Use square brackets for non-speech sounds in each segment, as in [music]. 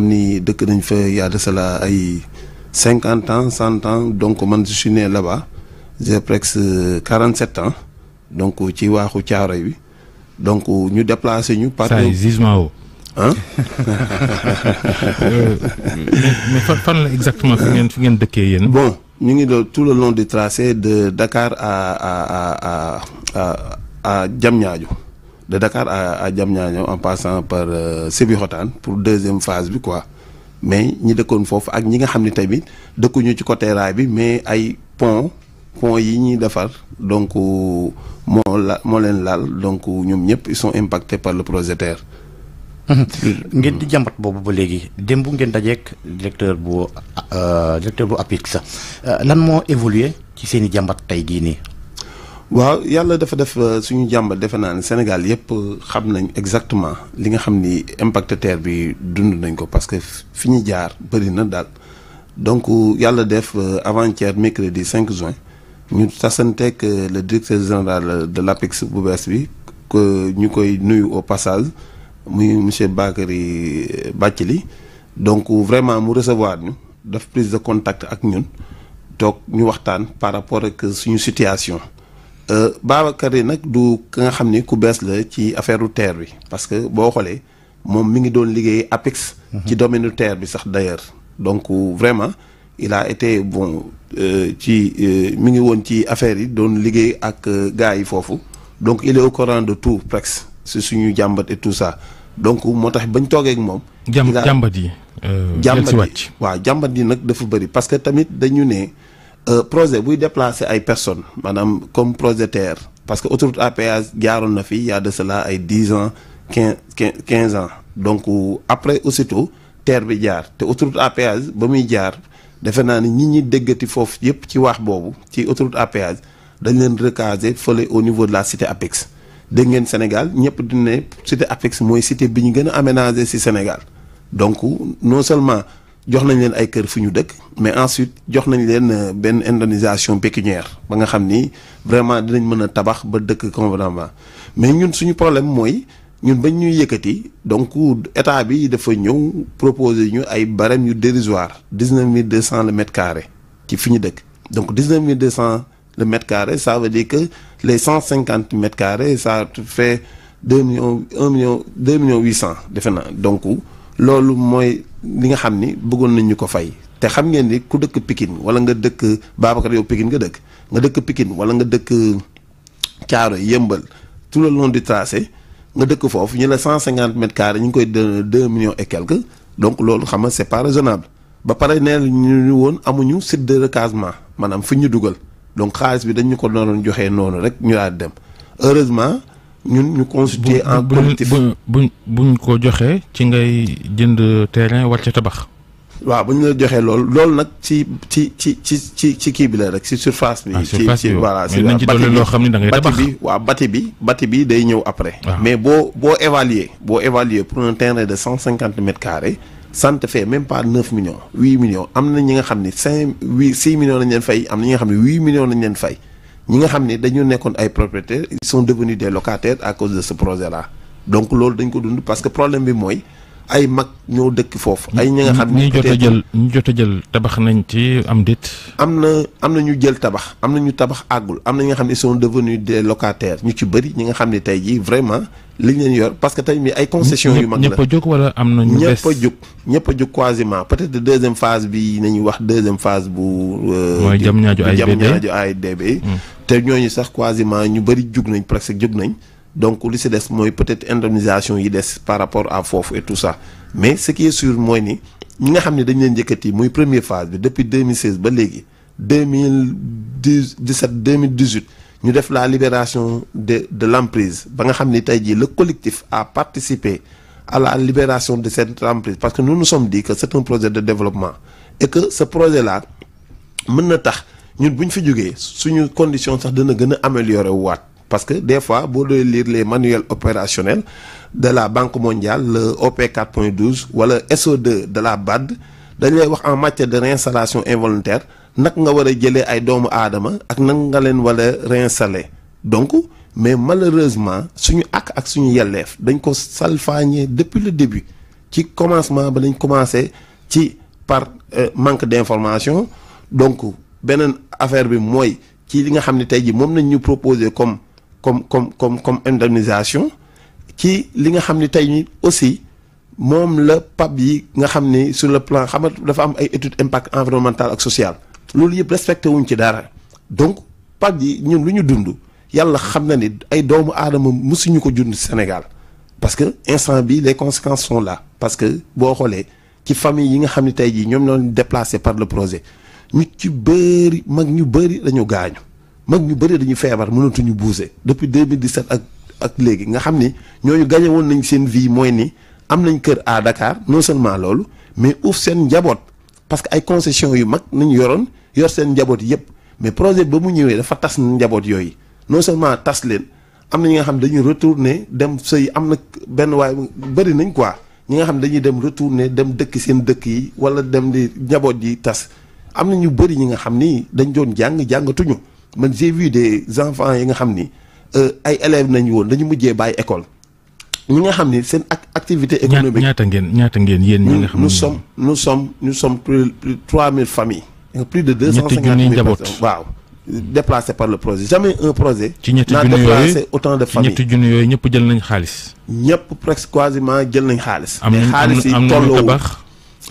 am ni dëkk nañ fa yaa de ay cinquante ans cent donc man je suis né là-bas j'ai quarante sept ans donc ci waaxu caaroy yi donc ñu déplacé ñu. par gisement ah. mais fan la exactement fi ngeen fi ngeen dëkkee yéen. bon ñu ngi doon tout le long du tracé de dakaar à à à à à de Dakar à jam Diamniadio en passant par euh, Sébikotane pour deuxième phase bi quoi mais ñi dëkkoon foofu ak ñi nga xam ne tamit dëkkuñu ci côté raay bi mais ay pont pont yi ñuy defar donc euh, moo la moo leen laal donc ñoom ñëpp ils sont impactés par le projet TER. [laughs] ngeen di jambat boobu ba léegi démb ngeen dajeek directeur bu euh, directeur bu APIX lan moo évoluer ci seen i jàmbat tey jii nii. waaw yàlla dafa def euh, suñu jàmbat defe naa ne Sénégal yëpp xam nañ exactement li nga xam ni impact terre bi dund nañ ko parce que fi ñu jaar bëri na daal donc yàlla def euh, avant-hier mercredi 5 juin ñu tasanteeg euh, le directeur général de la l'APEX bu bees bi ñu koy nuyu au passage muy monsieur bàcc li donc vraiment mu recevoir ñu daf prise de contact ak ñun toog ñu waxtaan par rapport ak suñu situation Euh, Babacar yi nag du ka nga xam ni ku bees la ci affaire u terre bi parce que boo xoolee moom mi ngi doon liggéey APEX. Mhm. ci domaine terre bi sax d'ailleurs donc vraiment il a été bon euh, ci euh, mi ngi woon ci affaire yi doon liggéey ak gars yi foofu donc il est au courant de tout presque si suñu jàmbat et tout ça donc moo tax bañ toogee ak moom. jàmbat yi. jàmbat yi waa jàmbat yi nag dafa bëri parce que tamit dañu ne. Euh, projet buy déplacer ay personnes maanaam comme projet TER parce que autoroute à péage jaaroon na fi y a de cela ay dix ans quinze quinze ans donc euh, après aussitôt TER bi jaar te autoroute à ba muy jaar defe naa ni ñi ñi déggati foofu yëpp ci wax boobu ci autoroute à péage dañ leen recaser fële au niveau de la cité APEX dégg ngeen Sénégal ñëpp di ne cité APEX mooy cité bi ñu gën a aménagé si Sénégal donc non seulement. jox nañ leen ay kër fu ñu dëkk mais ensuite jox nañ leen euh, benn indemnisation pécuniaire ba nga xam ni vraiment dinañ mën a tabax ba dëkk convenablement mais ñun suñu problème mooy ñun bañ ñuy yëkkati donc état bi dafa ñëw proposer ñu ay barème yu dérisoire dix neuf mille deux cent le mètre carré ci fi ñu dëkk donc dix neuf mille deux cent le mètre carré ça veut dire que les cent cinquante mètres carrés ça fait deux millions un million deux millions huit cent defe na donc loolu mooy li nga xam ni bëggoon nañ ñu ko fay te xam ngeen ni ku dëkk Pikine wala nga dëkk Babacar yow Pikine nga dëkk nga dëkk Pikine wala nga dëkk Thiaroye Yeumbeul tout le long di tracé nga dëkk foofu ñu la cent cinquante mètres ñu ngi koy deux millions et quelques donc loolu xam nga c'est pas raisonnable ba pare nee ñu woon amuñu site de recasement maanaam fu ñu dugal donc xaalis bi dañ ñu ko doon joxee noonu rek ñu daal dem heureusement ñun ñu consulter en collectif bu buñ ko joxee ci ngay jënd terrain war ca tabax. waaw bu ñu la joxee loolu loolu nag ci ci ci ci ci ci kii bi la rek si surface bi. Ah, ci ci si loo xam ne da ngay tabax bi waaw bati bi bati bi day ñëw après. Ah. mais boo boo évaluer boo évaluer pour un terrain de cent cinquante mètres carrés. ça ne fait même pas neuf millions huit millions am na ñi nga xam ne cinq huit six millions lañ leen fay am na ñi nga xam ne huit millions lañ leen fay. ñi nga xam ni dañu nekkoon ay propriétaires ils sont devenus des locataires à cause de ce projet là donc loolu dañ ko dund parce que problème bi mooy ay mag ñoo dëkk foofu. ay ñu nga xam ne ñu jot a jël jot a jël tabax nañ ci am déet. am na am na ñu jël tabax am na ñu tabax àggul am na ñi nga xam ne ils sont devenus des ñu ci bëri ñi nga xam ne tey jii vraiment li ñu leen yor parce que tey mi ay concessions yu mag la ñëpp a jóg wala am na ñu des ñëpp a jóg ñëpp a jóg peut-être deuxième phase bi nañu wax deuxième phase bu. Euh, mooy jam ñaajo AIBD jam ñaajo AIBD. Hmm. te ñooñu sax coisiment ñu bëri jug nañ presque jug nañ. donc li si des mooy peut-être indemnisation yi des par rapport à foofu et tout ça mais ce qui est sûr mooy ni ñi nga xam ne dañu leen njëkkati muy première phase bi depuis 2016 ba léegi 2017 2018 ñu def la libération de de l'emprise ba nga xam ni tey jii le collectif à participer à la libération de cette emprise parce que nous nous sommes dit que c'est un projet de développement et que ce projet là mën na tax ñun bu ñu fi jógee suñu condition sax dana gën a améliorer waat. parce que des fois boo dee lire les manuels opérationnels de la banque mondiale le OP 4.12 wala SO2 de la BAD dañ lay wax en matière de réinstallation involontaire nag nga war a jëlee ay doomu aadama ak nag nga leen war a réinstaller donc mais malheureusement suñu ak ak suñu yelleef dañ ko salfaañee depuis le début ci commencement ba dañ commencé ci par euh, manque d'information donc beneen affaire bi mooy ci li nga xam ne tey jii moom nañ ñu proposer comme comme comme comme comme indemnisation ci li nga xam ni tey ñi aussi moom la PAP yi nga xam ni sur le plan xamatu dafa am ay étude impact environnemental ak sociale loolu yëpp respecté wuñ ci dara donc PAP yi ñu lu ñu dund yàlla xam na nit ay doomu aadama musuñu ko jund Sénégal parce que instant bi les conséquences son la parce que boo xoolee ci famille yi nga xam ne tey jii ñoom ñoo déplacé par le projet ñu ci bëri mag ñu bëri dañu gaañu mag ñu bëri dañuy feebar mënatuñu bouger depuis 2017 ak ak léegi nga xam ni ñooñu gañe woon nañ seen vie mooy ni am nañ kër à Dakar non seulement loolu mais uuf seen njaboot parce que ay concession yu mag nañu yoroon yor seen njaboot yëpp mais projet ba mu ñëwee dafa tas njaboot yooyu non seulement tas leen am na ñi nga xam dañuy retourner dem sëy am na benn waaye bëri nañ quoi ñi nga xam dañuy dem retourner dem dëkk seen dëkk yi wala dem di njaboot yi tas am na ñu bëri ñi nga xam ni dañ doon jàng jàngatuñu. man j'ai vu des enfants yi nga xam ni euh, ay élèves nañu woon dañu mujjee bàyyi école ñi nga xam ni seen activité économique ñaata ngeen ñaata ngeen yéen ñi nga xam nous sommes nous sommes nous plus plus trois mille famille plus de deux cent cinquante mille personnes waaw déplacé par le projet jamais un ci ñetti junni yooyu déplacé autant de yooyu ñëpp jël nañ xaalis ñëpp presque quasiment jël nañ xaalis am mais xaalis yi tolloo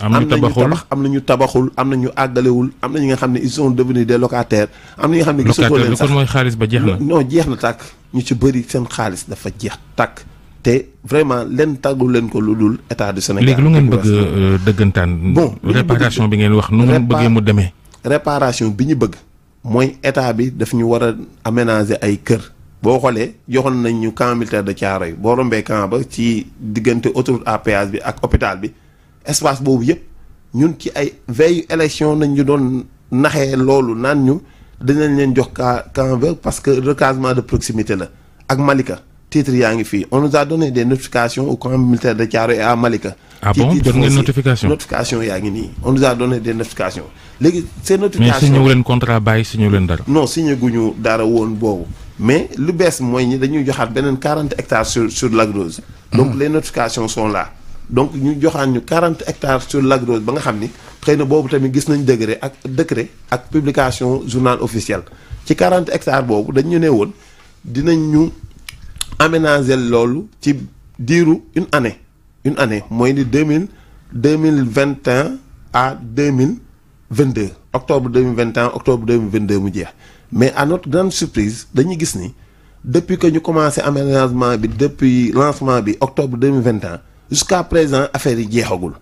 am na ñu tabaxul am na ñu tabaxul am na ñu àggalewul am na ñi nga xam ne ils sont devenus des locataires. am na ñi nga xam ne gisatoo leen sax mooy xaalis ba jeex na. non jeex na tàkk ñu ci bëri seen xaalis dafa jeex tàkk. te vraiment leen tàggul leen ko lu dul état du Sénégal. léegi lu ngeen bëgg euh, dëggantaan. bon réparation bi ngeen wax nu ngeen bëggee mu demee. réparation bi ñu bëgg. mooy état bi daf ñu war a aménager ay kër. boo xoolee joxoon nañ ñu camp militaire de Thiaroye boo rombee camp ba ci diggante autoroute à péage bi ak hôpital bi espace boobu yëpp ñun ci ay veille élection nañ ñu doon naxee loolu naan ñu dinañ leen jox cas camp vert parce que recasement de proximité la ak Malika titre yaa ngi fii on nous a donné des notifications au camp militaire de Thiaroye et à Malika. ah bon notification yaa ngi nii on nous a donné des notifications. léegi ces notifications mais signé wu leen contrat bàyyi signé wu leen dara. non signé guñu dara woon boobu. mais lu bees mooy ñi dañuy joxaat beneen 40 hectares sur sur Lac Rose. donc les notifications sont là. donc ñu joxaan ñu 40 hectares sur l'agro ba nga xam ni xëy na boobu tamit gis nañ décret ak décret ak publication journal officiel ci 40 hectares boobu dañ ne woon dinañ ñu aménager loolu ci diiru une année une année mooy ni 2000 2021 à 2022 octobre 2021 octobre 2022 mu jeex mais à notre grande surprise dañu gis ni depuis que ñu commencé aménagement bi depuis lancement bi octobre 2021 jusqu'à présent affaire yi jeexagul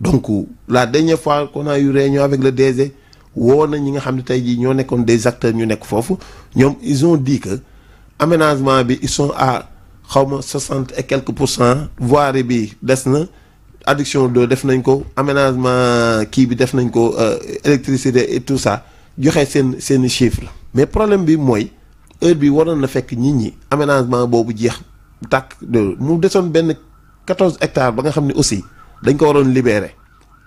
donc la dernière fois qu'on a eu réunion avec le DG woo na ñi nga xam ne tey jii ñoo nekkoon des acteurs ñu nekk foofu ñoom ils ont que aménagement bi ils sont à xaw ma soixante et quelques pour cent voirie bi des na adduction d'eau def nañ ko aménagement kii bi def nañ ko euh, électricité et tout ça joxe seen seen chiffre mais problème bi mooy heure bi waroon na fekk nit ñi aménagement boobu jeex tàkk mu desoon benn 14 hectares ba nga xam ne aussi dañ ko waroon libérer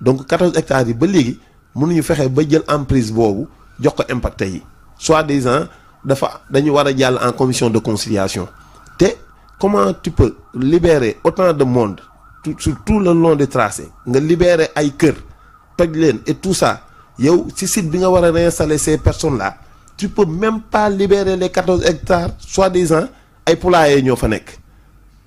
donc 14 hectares yi ba léegi mënuñu fexe ba jël emprise boobu jox ko impacte yi soi-disant dafa dañu war a jàll en commission de conciliation te comment tu peux libérer autant de monde sur tout le long des tracés nga libérer ay kër toj leen et tout ça yow ci site bi nga war a réinstaller ces personnes là tu peux même pas libérer les 14 hectares soi-disant ay poulailler ñoo fa nekk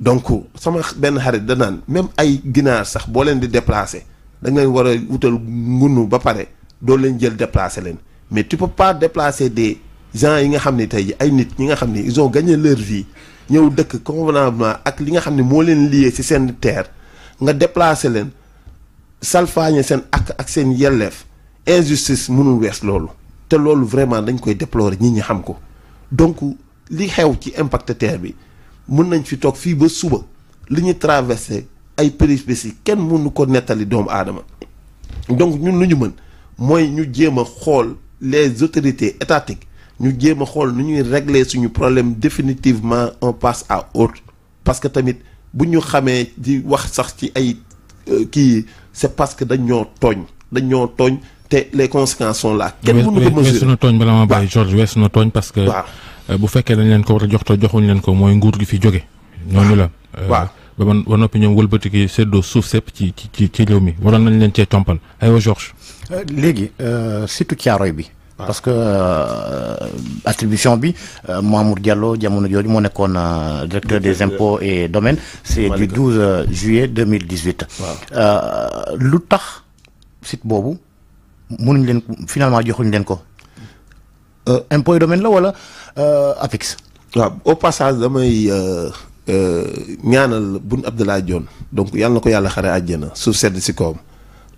donc sama benn xarit da naan même ay ginaar sax boo leen di déplacé da nga leen war a wutal ngunu ba pare doo leen jël déplacer leen mais tu peux pas déplacer des gens yi nga xam ni tey ay nit ñi nga xam ni ils ont gagné leur vie ñëw dëkk convenablement ak li nga xam ne moo leen lié ci seen terre nga déplacé leen salfaañe seen ak ak seen yelleef injustice munu wees loolu te loolu vraiment dañ koy déplorer nit ñi xam ko donc li xew ci impact terre bi mën nañ fi toog fii ba suba li ñu traversé ay péripéties kenn mënu ko nettali doomu aadama donc ñun lu ñu mën mooy ñu jéem a xool les autorités étatiques ñu jéem a xool nu ñuy régler suñu problème definitivement on passe à autre parce que tamit bu ñu xamee di wax sax ci ay euh, kii c'est parce que dañoo tooñ dañoo tooñ te les conséquences sont là. kenn mënu ko mesurer weesu tooñ bala que. waaw Euh, bu fekkee dañ leen ko war a jox te joxuñ leen ko mooy nguur gi fi jóge ñooñu la euh, waaw ba man ba noppi ñoom wëlbati ki séddoo suuf sépp ci ci ci réew mi waroon nañ leen cee compal aywa Georges euh, léegi surtout Thiaroye bi parce que attribution bi Mamour Diallo jamono jooju moo nekkoon directeur des impôts et domaines c'est du 12 juillet 2018 lu tax site boobu mënuñ leen finalement joxuñ leen ko Euh, impôt domaine la wala euh, APIX. waaw au passage damay euh, ñaanal Boun Abdallah Dionne donc yàlla na ko yàlla xare àjjana suuf sedd si kawam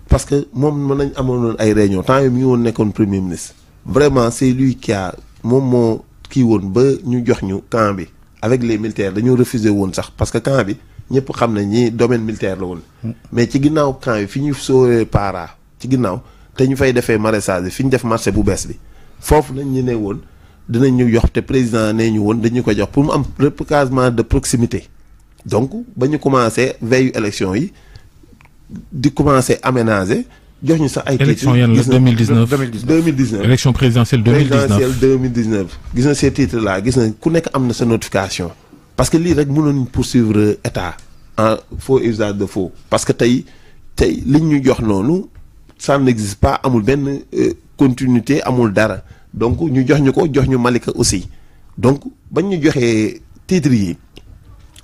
parce que moom mën nañ amoon ay réunion temps yii mu ngi woon nekkoon premier ministre. vraiment c'est lui qui a moom moo kii woon ba ñu jox ñu camp bi avec les militaires dañoo refuser woon sax parce que camp bi ñëpp xam nañ ñi domaine militaire la woon. mais ci ginnaaw camp bi fi ñu sóoree para ci ginnaaw te ñu fay defee maraîchage bi fi ñu def marché bu bees bi. foofu lañ ñu ne woon dinañ ñu jox te président nee ñu woon dañu ko jox pour mu am recasement de proximité donc ba ñu commencé veille élection yi di commencé aménager jox ñu sax ay. élection yan la 2019 2019 élection présidentielle 2019 présidentielle 2019. gis na ces titres là gis na ku nekk am na sa notification. parce que lii rek mënoon poursuivre état en faux usage de faux. parce que tey tey liñ ñu jox noonu ça n'existe pas amul benn. Euh, continuité amul dara donc ñu jox ñu ko jox ñu Malika aussi donc bañ ñu joxee titre yi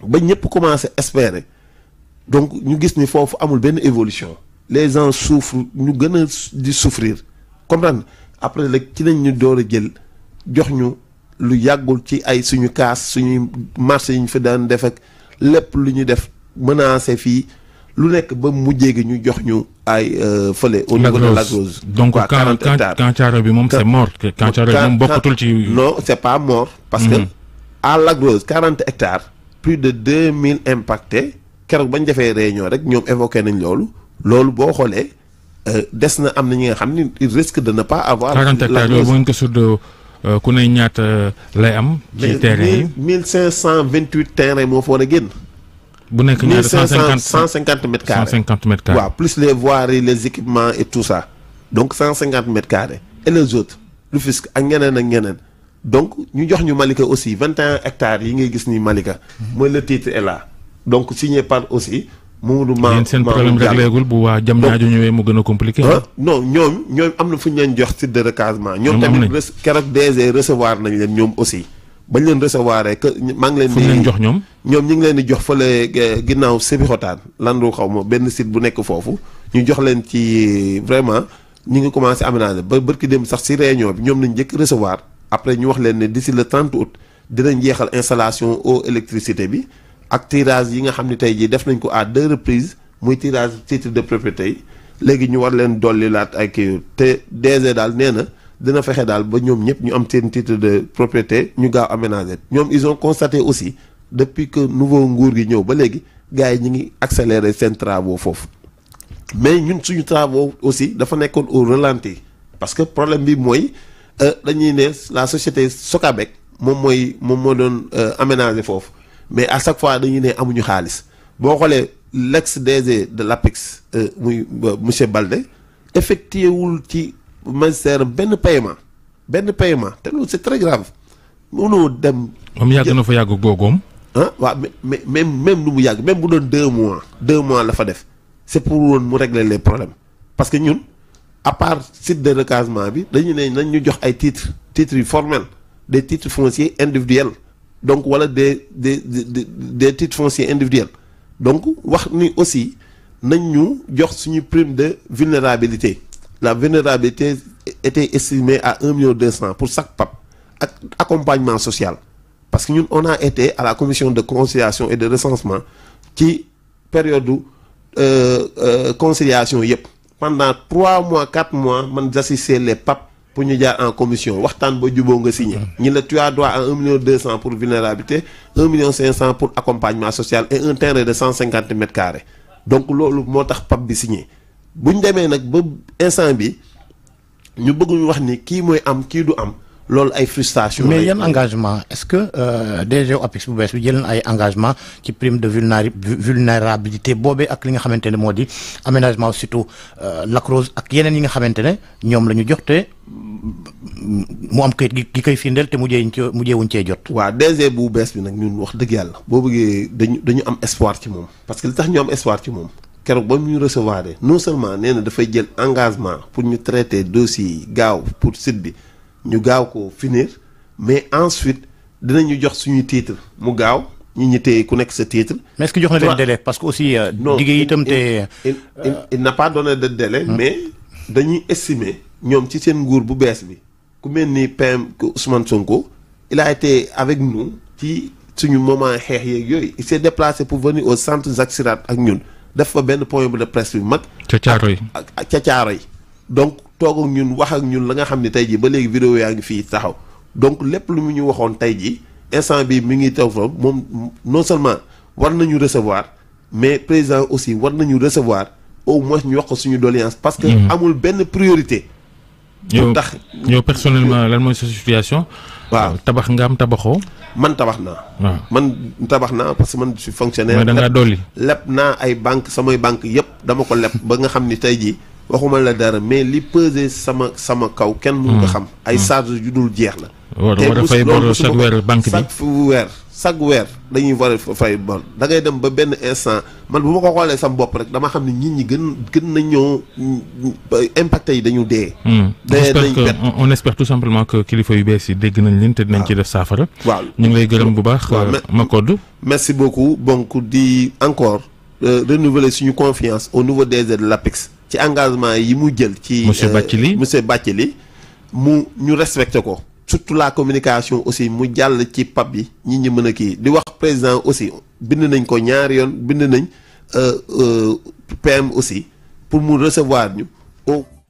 ba ñëpp commencé espérer donc ñu gis ni foofu amul benn évolution les gens souffrent ñu gën a di comme comprendre après rek ci lañ ñu door a jël jox ñu lu yàggul ci ay suñu kaas suñuy marché yi ñu fi daan def lépp lu ñu def menacé fii lu nekk ba mu mujjee gi ñu jox ñu ay euh, fële. au niveau de Lac Rose donc quand quand Thiaroye bi moom c' est mort. quand ci. non c' est pas parce que mm. à Lac quarante hectares. plus de deux mille impactés keroog bañ defee réunion rek ñoom évoqué nañ loolu loolu boo xoolee euh, des na am na ñu nga xam ni il risque de ne pas avoir. quarante hectares yooyu bu ngeen ko suddoo euh, ku ne ñaata lay am. ci terrain yi mille cinq cent vingt huit terrain moo fa war a génn. bu nekk ñaari cent cinquante cent cinquante mètres carrés. cent cinquante mètres carrés waaw plus les voiries les équipements et tout ça donc cent cinquante mètres carrés et les autres Rufisque ak ñeneen ak ñeneen donc ñu jox ñu Malika aussi vingt et un hectares yi ngay gis ni Malika. mooy le titre est là donc signé par aussi. Mamadou Ma Mamadou seen problème régléegul bu waa jam ñaajo ñëwee mu gën a compliqué. Ah, non ñoom ñoom am na fu ñu leen jox site de recasement. ñoom tamit keroog DG e recevoir nañ leen ñoom aussi. bañ leen recevoir que maa ngi leen di jox ñoom ñoom ñu ngi leen di jox fële eh, ginnaaw sébi xotaan lan lu xaw ma benn site bu nekk foofu ñu jox leen ci vraiment ñu ngi commencé aménager ba ki dem sax si réunion bi ñoom lañ njëkk recevoir après ñu wax leen ne d'ici le 30 août dinañ jeexal installation eau électricité bi ak tirage yi nga xam ne tey jii def nañ ko à deux reprises muy tirage titre de propriété yi léegi ñu war leen dolli laat ay kii te DG daal nee na dina fexe daal ba ñoom ñëpp ñu am seen titre de propriété ñu gaaw aménager ñoom ils ont constaté aussi depuis que nouveau nguur gi ñëw ba léegi gars yi ñu ngi accélérer seen travaux foofu mais ñun suñu travaux aussi dafa nekkoon au ralenti parce que problème bi mooy euh, dañuy ne la société Socabek moom mooy moom moo doon euh, aménager foofu mais à chaque fois dañu ne amuñu xaalis boo xoolee l'ex des de l'APEX euh, muy monsieur balde effectué ci. magistère benn paiement benn paiement te loolu c'est très grave mënoo dem. moom yàgg na fa yàgg googoom. ah waaw mais même même lu mu yàgg même bu doon deux mois deux mois la fa def c'est pour woon mu régler les problème parce que ñun à part site de recasement bi dañu nee nañ ñu jox ay titres titres yu formels des titres fonciers individuels donc wala des des des des titres fonciers individuels donc wax ni aussi nañ ñu jox suñu prime de vulnérabilité. la vulnérabilité était estimée à un million deux cent pour chaque PAP ak accompagnement social parce que ñun on a été à la commission de conciliation et de recensement ci période du euh, euh, conciliation yëpp pendant trois mois quatre mois man j'assistais les PAP pour ñu jaar en commission waxtaan ba juboo nga signé mm-hmm. ñu la tu droit à un million deux cent pour vulnérabilité un million cinq cent pour accompagnement social et un terrain de cent cinquante mètres carrés moo tax PAP bi bu ñu demee nag ba instant bi ñu bëgg ñu wax ni kii mooy am kii du am loolu ay frustration mais yan engagement est-ce que euh, DG OPIX bu bees bi jël ay engagement ci prime de vulnérabilité boobee ak li nga xamante ne moo di aménagement surtout euh, Lac ak yeneen yi nga xamante ne ñoom la ñu jox te mu am kayit gi koy te mujjee mujjee wuñ cee jot. waaw DG bu bees bi nag ñun wax dëgg yàlla. boo bëggee dañu dañu am espoir ci moom. parce que li tax ñu am espoir ci moom. keroog ba mu ñu recevoir non seulement nee na dafay jël engagement pour ñu traiter dossier yi gaaw pour site bi ñu gaaw ko finir mais ensuite dinañu jox suñu titre mu gaaw ñu ñu téye ku nekk sa titre. mais est que jox na leen délai parce que aussi. Euh, non liggéey itam te. il n'a pas donné de délai. Hmm. mais dañuy estimer ñoom ci seen nguur bu bees bi ku mel ni PM Ousmane Sonko il a avec nous ci suñu moment xeex yeeg yooyu il s'est déplacé pour venir au centre Zac Sirat ak ñun. def fa benn point de presse bi mag. ca caaro yi ak ca caaro yi. donc toog ak ñun wax ak ñun la nga xam ni tey jii ba léegi vidéo yaa ngi fii saxaw donc lépp lu mu ñu waxoon tey jii instant bi mi ngi taw fa moom non seulement war nañu recevoir mais président aussi war nañu recevoir au moins ñu wax suñu doléance parce que mm-hmm. amul benn priorité. yow tax yow personnellement lan mooy sa situation. waaw euh, tabax nga am tabaxoo. man tabax naa. waaw man tabax naa parce que man je suis fonctionnaire. mooy da dolli leb naa ay banque samay banque yëpp dama ko leb ba nga xam ni tey jii waxuma la dara mais li pesé sama sama kaw. kenn mënu ko hmm. xam ay hmm. charges yu dul jeex la. war a fay bor chaque weer banque bi chaque weer chaque weer dañuy war fay bor da dem ba benn instant man bu ma ko xoolee sam bopp rek dama xam ne nit ñi gën gën nañoo impacté yi dañu dee. Hmm. dee nañ perte on espère tout simplement que kilifa yu bees yi nañ leen te dinañ ci def saafara. waaw ñu ngi lay bu baax. Euh, Makoddu merci beaucoup donc di encore euh, renouveler suñu confiance au niveau des aides ci engagement yi mu jël. ci monsieur euh, Bathily monsieur li mu ñu respecté ko. surtout la communication aussi mu jàll ci pap yi ñi ñi mën a kii di wax président aussi bind nañ ko ñaari yoon bind nañ euh, euh, PM aussi pour mu recevoir ñu au